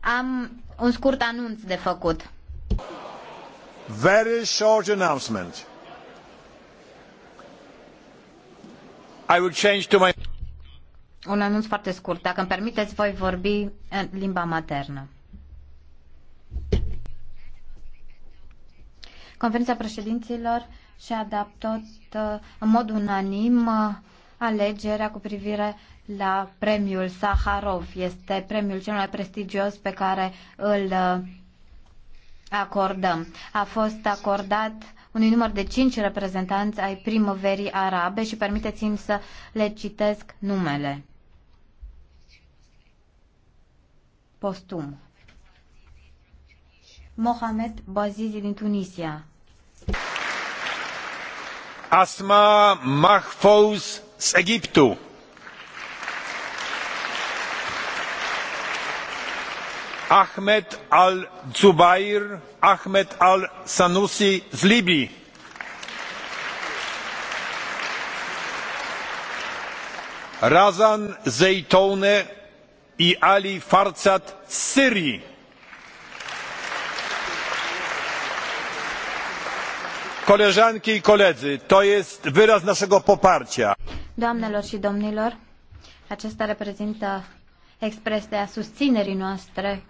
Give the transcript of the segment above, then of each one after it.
Am un scurt anunț de făcut. Very short announcement. I will change to my... Un anunț foarte scurt. Dacă îmi permiteți, voi vorbi în limba maternă. Conferința președinților și-a adaptat uh, în mod unanim uh, alegerea cu privire la premiul Saharov. Este premiul cel mai prestigios pe care îl uh, acordăm. A fost acordat unui număr de cinci reprezentanți ai primăverii arabe și permiteți-mi să le citesc numele. Postum. Mohamed Bazizi din Tunisia. Asma Mahfouz z Egiptu. Ahmed al-Zubair Ahmed al-Sanusi z Libii. Razan Zeytoune i Ali Farzad z Syrii. Koleżanki i koledzy, to jest wyraz naszego poparcia. Doamnelor și domnilor, acesta reprezintă expresia susținerii noastre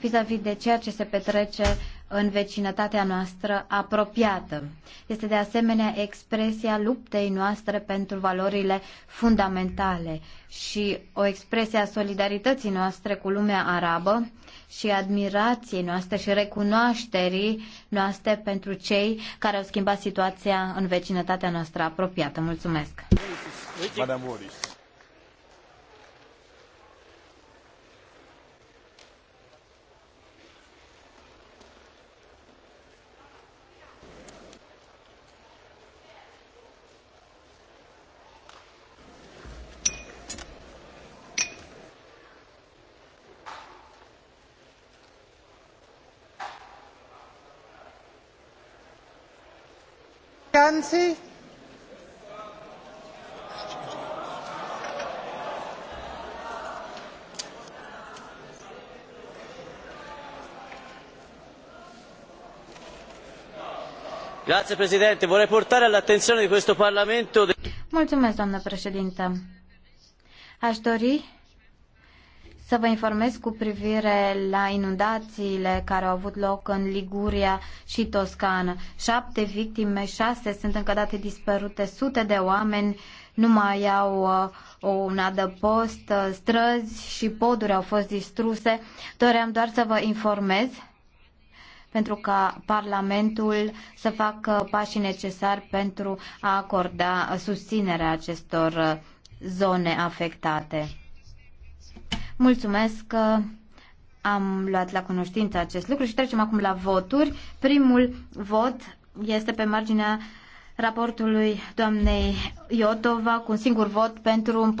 vis-a-vis -vis de ceea ce se petrece în vecinătatea noastră apropiată. Este de asemenea expresia luptei noastre pentru valorile fundamentale și o expresie a solidarității noastre cu lumea arabă și admirației noastre și recunoașterii noastre pentru cei care au schimbat situația în vecinătatea noastră apropiată. Mulțumesc! Madame Wallis. Anzi? Grazie Presidente, vorrei portare all'attenzione di questo Parlamento. Mulțumesc, doamnă președintă. Aș dori să vă informez cu privire la inundațiile care au avut loc în Liguria și Toscană. Șapte victime, șase sunt încă date dispărute, sute de oameni nu mai au uh, un adăpost, uh, străzi și poduri au fost distruse. Doream doar să vă informez pentru ca Parlamentul să facă pașii necesari pentru a acorda susținerea acestor uh, zone afectate. Mulțumesc că am luat la cunoștință acest lucru și trecem acum la voturi. Primul vot este pe marginea raportului doamnei Iotova cu un singur vot pentru un